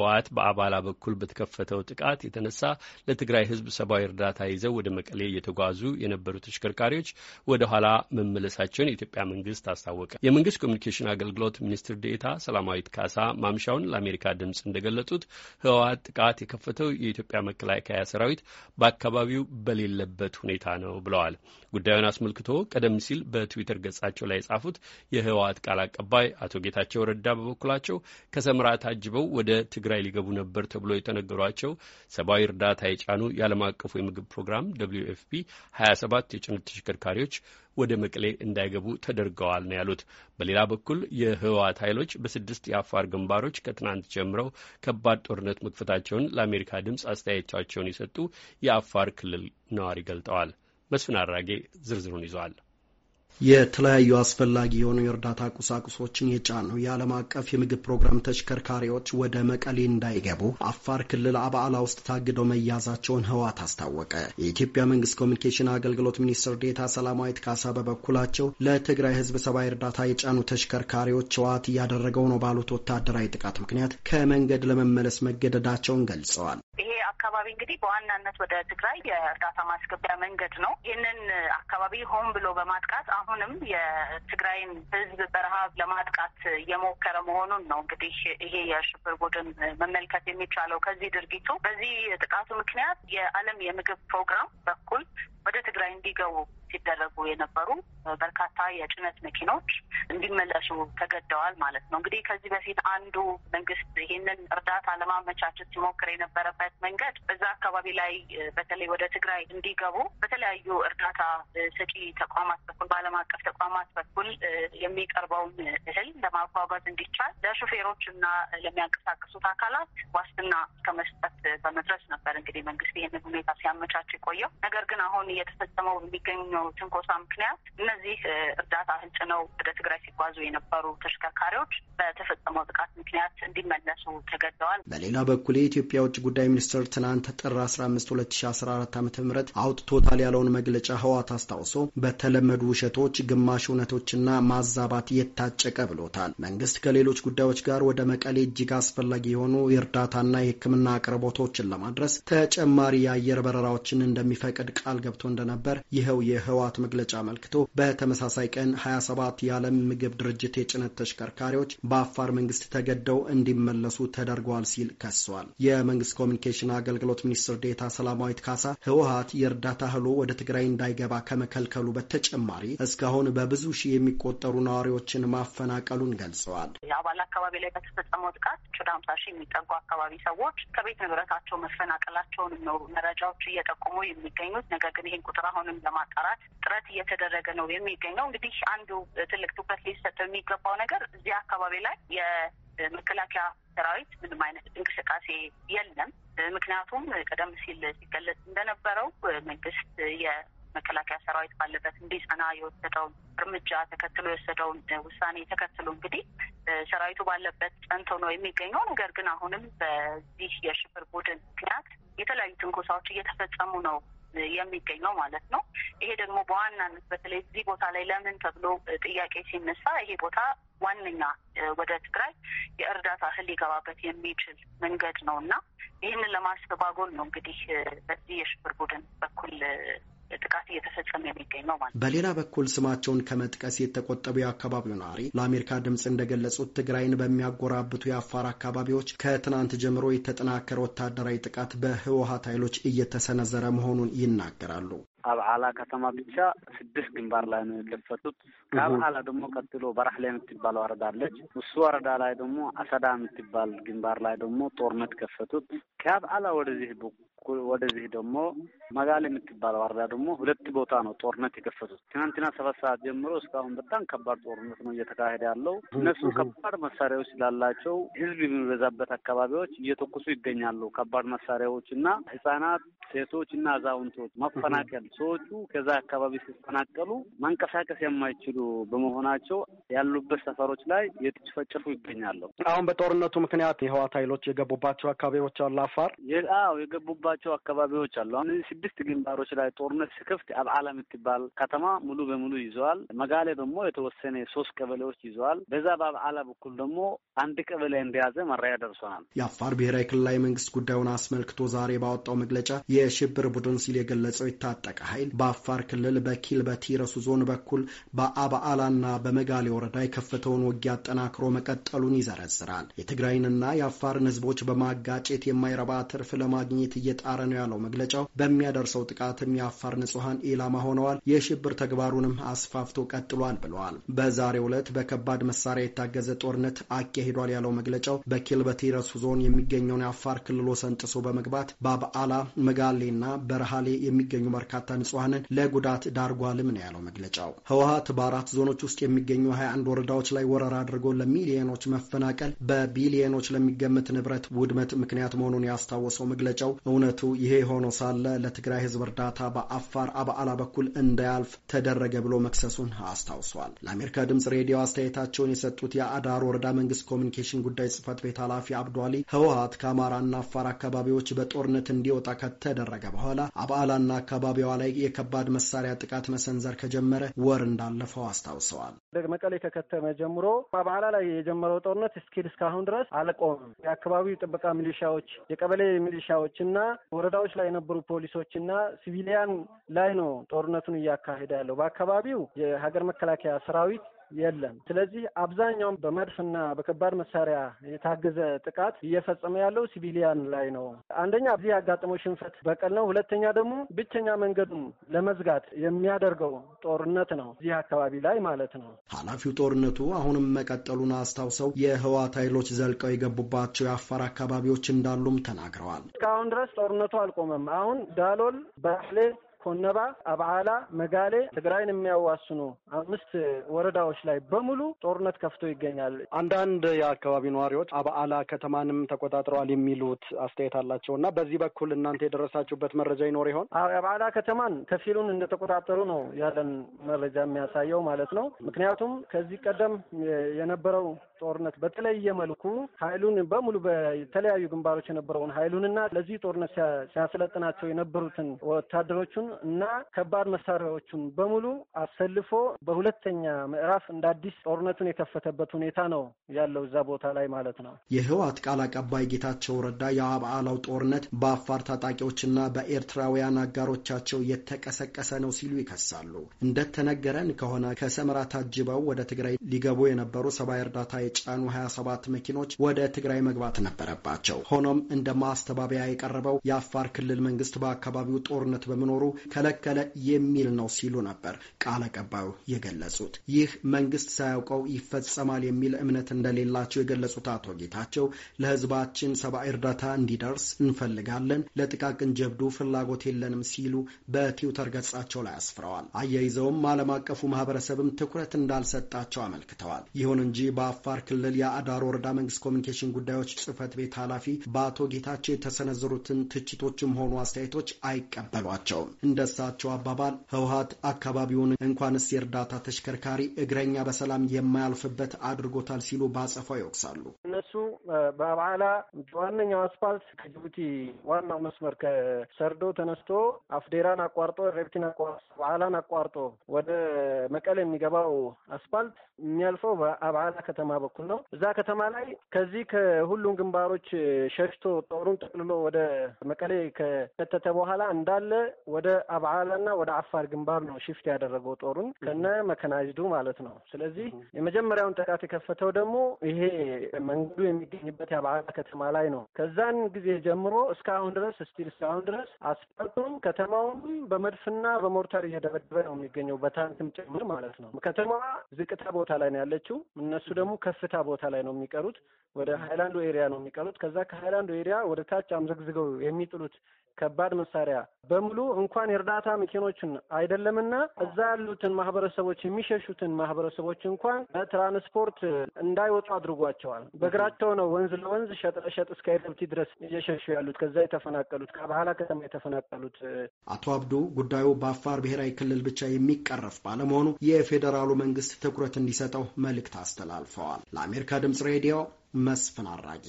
ህወሓት በአባላ በኩል በተከፈተው ጥቃት የተነሳ ለትግራይ ህዝብ ሰብአዊ እርዳታ ይዘው ወደ መቀሌ እየተጓዙ የነበሩ ተሽከርካሪዎች ወደ ኋላ መመለሳቸውን የኢትዮጵያ መንግስት አስታወቀ። የመንግስት ኮሚኒኬሽን አገልግሎት ሚኒስትር ዴኤታ ሰላማዊት ካሳ ማምሻውን ለአሜሪካ ድምፅ እንደገለጡት ህወሓት ጥቃት የከፈተው የኢትዮጵያ መከላከያ ሰራዊት በአካባቢው በሌለበት ሁኔታ ነው ብለዋል። ጉዳዩን አስመልክቶ ቀደም ሲል በትዊተር ገጻቸው ላይ የጻፉት የህወሓት ቃል አቀባይ አቶ ጌታቸው ረዳ በበኩላቸው ከሰምራ ታጅበው ወደ ትግራይ ትግራይ ሊገቡ ነበር ተብሎ የተነገሯቸው ሰብአዊ እርዳታ የጫኑ የዓለም አቀፉ የምግብ ፕሮግራም ደብልዩ ኤፍ ፒ 27 የጭነት ተሽከርካሪዎች ወደ መቀሌ እንዳይገቡ ተደርገዋል ነው ያሉት። በሌላ በኩል የህወሓት ኃይሎች በስድስት የአፋር ግንባሮች ከትናንት ጀምረው ከባድ ጦርነት መክፈታቸውን ለአሜሪካ ድምፅ አስተያየታቸውን የሰጡ የአፋር ክልል ነዋሪ ገልጠዋል። መስፍን አራጌ ዝርዝሩን ይዟል። የተለያዩ አስፈላጊ የሆኑ የእርዳታ ቁሳቁሶችን የጫኑ የዓለም አቀፍ የምግብ ፕሮግራም ተሽከርካሪዎች ወደ መቀሌ እንዳይገቡ አፋር ክልል አባዓላ ውስጥ ታግደው መያዛቸውን ህወሓት አስታወቀ። የኢትዮጵያ መንግስት ኮሚኒኬሽን አገልግሎት ሚኒስትር ዴታ ሰላማዊት ካሳ በበኩላቸው ለትግራይ ህዝብ ሰብአዊ እርዳታ የጫኑ ተሽከርካሪዎች ህወሓት እያደረገው ነው ባሉት ወታደራዊ ጥቃት ምክንያት ከመንገድ ለመመለስ መገደዳቸውን ገልጸዋል። አካባቢ እንግዲህ በዋናነት ወደ ትግራይ የእርዳታ ማስገቢያ መንገድ ነው። ይህንን አካባቢ ሆን ብሎ በማጥቃት አሁንም የትግራይን ህዝብ በረሃብ ለማጥቃት እየሞከረ መሆኑን ነው እንግዲህ ይሄ የሽብር ቡድን መመልከት የሚቻለው ከዚህ ድርጊቱ። በዚህ ጥቃቱ ምክንያት የዓለም የምግብ ፕሮግራም በኩል ወደ ትግራይ እንዲገቡ ሲደረጉ የነበሩ በርካታ የጭነት መኪኖች እንዲመለሱ ተገደዋል ማለት ነው። እንግዲህ ከዚህ በፊት አንዱ መንግስት ይህንን እርዳታ ለማመቻቸት ሲሞክር የነበረበት መንገድ በዛ አካባቢ ላይ በተለይ ወደ ትግራይ እንዲገቡ በተለያዩ እርዳታ ሰጪ ተቋማት በኩል በዓለም አቀፍ ተቋማት በኩል የሚቀርበውን እህል ለማጓጓዝ እንዲቻል ለሹፌሮች እና ለሚያንቀሳቀሱት አካላት ዋስትና ከመስጠት በመድረስ ነበር እንግዲህ መንግስት ይህንን ሁኔታ ሲያመቻች የቆየው ነገር ግን አሁን እየተፈጸመው የሚገኙ በሆነው ትንኮሳ ምክንያት እነዚህ እርዳታ ህጭነው ወደ ትግራይ ሲጓዙ የነበሩ ተሽከርካሪዎች በተፈጸመው ጥቃት ምክንያት እንዲመለሱ ተገደዋል። በሌላ በኩል የኢትዮጵያ ውጭ ጉዳይ ሚኒስትር ትናንት ጥር አስራ አምስት ሁለት ሺ አስራ አራት ዓመተ ምህረት አውጥቶታል ያለውን መግለጫ ህዋት አስታውሶ በተለመዱ ውሸቶች፣ ግማሽ እውነቶችና ማዛባት የታጨቀ ብሎታል። መንግስት ከሌሎች ጉዳዮች ጋር ወደ መቀሌ እጅግ አስፈላጊ የሆኑ የእርዳታና የህክምና አቅርቦቶችን ለማድረስ ተጨማሪ የአየር በረራዎችን እንደሚፈቅድ ቃል ገብቶ እንደነበር ይኸው ይህ የህወሓት መግለጫ አመልክቶ በተመሳሳይ ቀን 27 የዓለም ምግብ ድርጅት የጭነት ተሽከርካሪዎች በአፋር መንግስት ተገደው እንዲመለሱ ተደርገዋል ሲል ከሷል። የመንግስት ኮሚኒኬሽን አገልግሎት ሚኒስትር ዴታ ሰላማዊት ካሳ ህወሓት የእርዳታ እህሉ ወደ ትግራይ እንዳይገባ ከመከልከሉ በተጨማሪ እስካሁን በብዙ ሺህ የሚቆጠሩ ነዋሪዎችን ማፈናቀሉን ገልጸዋል። የአባል አካባቢ ላይ በተፈጸመው ጥቃት ወደ ሀምሳ ሺህ የሚጠጉ አካባቢ ሰዎች ከቤት ንብረታቸው መፈናቀላቸውን ነው መረጃዎች እየጠቁሙ የሚገኙት። ነገር ግን ይህን ቁጥር አሁንም ለማጣራት ለማስፋፋት ጥረት እየተደረገ ነው የሚገኘው። እንግዲህ አንዱ ትልቅ ትኩረት ሊሰጠው የሚገባው ነገር እዚህ አካባቢ ላይ የመከላከያ ሰራዊት ምንም አይነት እንቅስቃሴ የለም። ምክንያቱም ቀደም ሲል ሲገለጽ እንደነበረው መንግስት የመከላከያ ሰራዊት ባለበት እንዲጸና የወሰደውን እርምጃ ተከትሎ የወሰደውን ውሳኔ ተከትሎ እንግዲህ ሰራዊቱ ባለበት ጸንቶ ነው የሚገኘው። ነገር ግን አሁንም በዚህ የሽብር ቡድን ምክንያት የተለያዩ ትንኮሳዎች እየተፈጸሙ ነው የሚገኘው ማለት ነው። ይሄ ደግሞ በዋናነት በተለይ እዚህ ቦታ ላይ ለምን ተብሎ ጥያቄ ሲነሳ ይሄ ቦታ ዋነኛ ወደ ትግራይ የእርዳታ እህል ሊገባበት የሚችል መንገድ ነው እና ይህንን ለማስተጓጎል ነው እንግዲህ በዚህ የሽብር ቡድን በኩል ጥቃት እየተፈጸመ ነው ማለት በሌላ በኩል ስማቸውን ከመጥቀስ የተቆጠቡ የአካባቢው ነዋሪ ለአሜሪካ ድምፅ እንደገለጹት ትግራይን በሚያጎራብቱ የአፋር አካባቢዎች ከትናንት ጀምሮ የተጠናከረ ወታደራዊ ጥቃት በህወሀት ኃይሎች እየተሰነዘረ መሆኑን ይናገራሉ። አብዓላ ከተማ ብቻ ስድስት ግንባር ላይ ነው የከፈቱት። ከአብዓላ ደግሞ ቀጥሎ ላይ የምትባል ወረዳ አለች። እሱ ወረዳ ላይ ደግሞ አሰዳ የምትባል ግንባር ላይ ደግሞ ጦርነት ከፈቱት። ከአብዓላ ወደዚህ ወደዚህ ደግሞ መጋል የምትባለው አርዳ ደግሞ ሁለት ቦታ ነው ጦርነት የከፈቱት። ትናንትና ሰባት ሰዓት ጀምሮ እስካሁን በጣም ከባድ ጦርነት ነው እየተካሄደ ያለው። እነሱ ከባድ መሳሪያዎች ስላላቸው ህዝብ የሚበዛበት አካባቢዎች እየተኩሱ ይገኛሉ። ከባድ መሳሪያዎች እና ህጻናት፣ ሴቶች እና አዛውንቶች መፈናቀል ሰዎቹ ከዛ አካባቢ ሲፈናቀሉ መንቀሳቀስ የማይችሉ በመሆናቸው ያሉበት ሰፈሮች ላይ የተጨፈጨፉ ይገኛሉ። አሁን በጦርነቱ ምክንያት የህዋት ኃይሎች የገቡባቸው አካባቢዎች አሉ። አፋር አዎ የገቡባቸው አካባቢዎች አሉ። አሁን ስድስት ግንባሮች ላይ ጦርነት ሲከፍት አብዓላ የምትባል ከተማ ሙሉ በሙሉ ይዘዋል። መጋሌ ደግሞ የተወሰነ ሶስት ቀበሌዎች ይዘዋል። በዛ በአብዓላ በኩል ደግሞ አንድ ቀበሌ እንደያዘ መረጃ ደርሶናል። የአፋር ብሔራዊ ክልላዊ መንግስት ጉዳዩን አስመልክቶ ዛሬ ባወጣው መግለጫ የሽብር ቡድን ሲል የገለጸው የታጠቀ ኃይል በአፋር ክልል በኪልበቲ ረሱ ዞን በኩል በአብዓላና በመጋሌ ወረዳ የከፈተውን ውጊያ አጠናክሮ መቀጠሉን ይዘረዝራል። የትግራይንና የአፋርን ህዝቦች በማጋጨት የማይረባ ትርፍ ለማግኘት እየጣረ ነው ያለው መግለጫው በሚያደርሰው ጥቃትም የአፋር ንጹሐን ኢላማ ሆነዋል፣ የሽብር ተግባሩንም አስፋፍቶ ቀጥሏል ብለዋል። በዛሬው ዕለት በከባድ መሳሪያ የታገዘ ጦርነት አካሂዷል ያለው መግለጫው በኪልበቲ ረሱ ዞን የሚገኘውን የአፋር ክልል ሰንጥሶ በመግባት በበዓላ መጋሌና በረሃሌ የሚገኙ በርካታ ንጹሐንን ለጉዳት ዳርጓልም ነው ያለው መግለጫው። ህወሀት በአራት ዞኖች ውስጥ የሚገኙ 21 ወረዳዎች ላይ ወረራ አድርጎ ለሚሊዮኖች መፈናቀል፣ በቢሊዮኖች ለሚገመት ንብረት ውድመት ምክንያት መሆኑን ያስታወሰው መግለጫው እውነቱ ይሄ ሆኖ ሳለ ለትግራይ ህዝብ እርዳታ በአፋር አባዓላ በኩል እንዳያልፍ ተደረገ ብሎ መክሰሱን አስታውሷል። ለአሜሪካ ድምጽ ሬዲዮ አስተያየታቸውን የሰጡት የአዳር ወረዳ መንግስት ኮሚኒኬሽን ጉዳይ ጽህፈት ቤት ኃላፊ አብዱ አሊ ህወሀት ከአማራና አፋር አካባቢዎች በጦርነት እንዲወጣ ከተደረገ በኋላ አባዓላና አካባቢዋ ላይ የከባድ መሳሪያ ጥቃት መሰንዘር ከጀመረ ወር እንዳለፈው አስታውሰዋል። ከከተመ ጀምሮ በዓላ ላይ የጀመረው ጦርነት እስኪል እስካሁን ድረስ አልቆምም። የአካባቢው ጥበቃ ሚሊሻዎች፣ የቀበሌ ሚሊሻዎች እና ወረዳዎች ላይ የነበሩ ፖሊሶች እና ሲቪሊያን ላይ ነው ጦርነቱን እያካሄደ ያለው። በአካባቢው የሀገር መከላከያ ሰራዊት የለም። ስለዚህ አብዛኛውን በመድፍና በከባድ መሳሪያ የታገዘ ጥቃት እየፈጸመ ያለው ሲቪሊያን ላይ ነው። አንደኛ እዚህ ያጋጠመው ሽንፈት በቀል ነው። ሁለተኛ ደግሞ ብቸኛ መንገዱን ለመዝጋት የሚያደርገው ጦርነት ነው፣ እዚህ አካባቢ ላይ ማለት ነው። ኃላፊው ጦርነቱ አሁንም መቀጠሉን አስታውሰው የህዋት ኃይሎች ዘልቀው የገቡባቸው የአፋር አካባቢዎች እንዳሉም ተናግረዋል። እስካሁን ድረስ ጦርነቱ አልቆመም። አሁን ዳሎል፣ ባሌ ኮነባ፣ አብዓላ፣ መጋሌ ትግራይን የሚያዋስኑ አምስት ወረዳዎች ላይ በሙሉ ጦርነት ከፍቶ ይገኛል። አንዳንድ የአካባቢ ነዋሪዎች አብዓላ ከተማንም ተቆጣጥረዋል የሚሉት አስተያየት አላቸው እና በዚህ በኩል እናንተ የደረሳችሁበት መረጃ ይኖር ይሆን? የአብዓላ ከተማን ከፊሉን እንደተቆጣጠሩ ነው ያለን መረጃ የሚያሳየው ማለት ነው። ምክንያቱም ከዚህ ቀደም የነበረው ጦርነት በተለየ መልኩ ኃይሉን በሙሉ በተለያዩ ግንባሮች የነበረውን ኃይሉንና ለዚህ ጦርነት ሲያሰለጥናቸው የነበሩትን ወታደሮቹን እና ከባድ መሳሪያዎቹን በሙሉ አሰልፎ በሁለተኛ ምዕራፍ እንደ አዲስ ጦርነቱን የከፈተበት ሁኔታ ነው ያለው እዛ ቦታ ላይ ማለት ነው። የህወሓት ቃል አቀባይ ጌታቸው ረዳ የአብዓላው ጦርነት በአፋር ታጣቂዎችና በኤርትራውያን አጋሮቻቸው የተቀሰቀሰ ነው ሲሉ ይከሳሉ። እንደተነገረን ከሆነ ከሰመራ ታጅበው ወደ ትግራይ ሊገቡ የነበሩ ሰብአዊ እርዳታ የጫኑ 27 መኪኖች ወደ ትግራይ መግባት ነበረባቸው። ሆኖም እንደ ማስተባበያ የቀረበው የአፋር ክልል መንግስት በአካባቢው ጦርነት በመኖሩ ከለከለ የሚል ነው ሲሉ ነበር ቃል አቀባዩ የገለጹት። ይህ መንግስት ሳያውቀው ይፈጸማል የሚል እምነት እንደሌላቸው የገለጹት አቶ ጌታቸው ለህዝባችን ሰብአዊ እርዳታ እንዲደርስ እንፈልጋለን፣ ለጥቃቅን ጀብዱ ፍላጎት የለንም ሲሉ በትዊተር ገጻቸው ላይ አስፍረዋል። አያይዘውም ዓለም አቀፉ ማህበረሰብም ትኩረት እንዳልሰጣቸው አመልክተዋል። ይሁን እንጂ በአፋር በአፋር ክልል የአዳር ወረዳ መንግስት ኮሚኒኬሽን ጉዳዮች ጽህፈት ቤት ኃላፊ በአቶ ጌታቸው የተሰነዘሩትን ትችቶችም ሆኑ አስተያየቶች አይቀበሏቸውም። እንደሳቸው አባባል ህወሀት አካባቢውን እንኳንስ የእርዳታ ተሽከርካሪ እግረኛ በሰላም የማያልፍበት አድርጎታል ሲሉ በአጸፋው ይወቅሳሉ። እነሱ በአብዓላ ዋነኛው አስፋልት ከጅቡቲ ዋናው መስመር ከሰርዶ ተነስቶ አፍዴራን አቋርጦ ረብቲን አቋርጦ በዓላን አቋርጦ ወደ መቀሌ የሚገባው አስፋልት የሚያልፈው በአብዓላ ከተማ በኩል ነው። እዛ ከተማ ላይ ከዚህ ከሁሉም ግንባሮች ሸሽቶ ጦሩን ጠቅልሎ ወደ መቀሌ ከከተተ በኋላ እንዳለ ወደ አብዓላና ወደ አፋር ግንባር ነው ሽፍት ያደረገው ጦሩን ከነ መከናጅዱ ማለት ነው። ስለዚህ የመጀመሪያውን ጥቃት የከፈተው ደግሞ ይሄ መንገዱ የሚገኝበት የአብዓላ ከተማ ላይ ነው። ከዛን ጊዜ ጀምሮ እስካሁን ድረስ እስቲል እስካሁን ድረስ አስፋልቱም ከተማውም በመድፍና በሞርታር እየደበደበ ነው የሚገኘው በታንክም ጭምር ማለት ነው። ከተማዋ ዝቅታ ቦታ ላይ ነው ያለችው። እነሱ ደግሞ ከፍ ከፍታ ቦታ ላይ ነው የሚቀሩት። ወደ ሃይላንዱ ኤሪያ ነው የሚቀሩት። ከዛ ከሃይላንዱ ኤሪያ ወደ ታች አምዘግዝገው የሚጥሉት ከባድ መሳሪያ በሙሉ እንኳን የእርዳታ መኪኖችን አይደለምና እዛ ያሉትን ማህበረሰቦች የሚሸሹትን ማህበረሰቦች እንኳን በትራንስፖርት እንዳይወጡ አድርጓቸዋል። በእግራቸው ነው ወንዝ ለወንዝ ሸጥ ለሸጥ እስከ ድረስ እየሸሹ ያሉት ከዛ የተፈናቀሉት ከባህላ ከተማ የተፈናቀሉት። አቶ አብዶ ጉዳዩ በአፋር ብሔራዊ ክልል ብቻ የሚቀረፍ ባለመሆኑ የፌዴራሉ መንግስት ትኩረት እንዲሰጠው መልእክት አስተላልፈዋል። ለአሜሪካ ድምጽ ሬዲዮ መስፍን አራጌ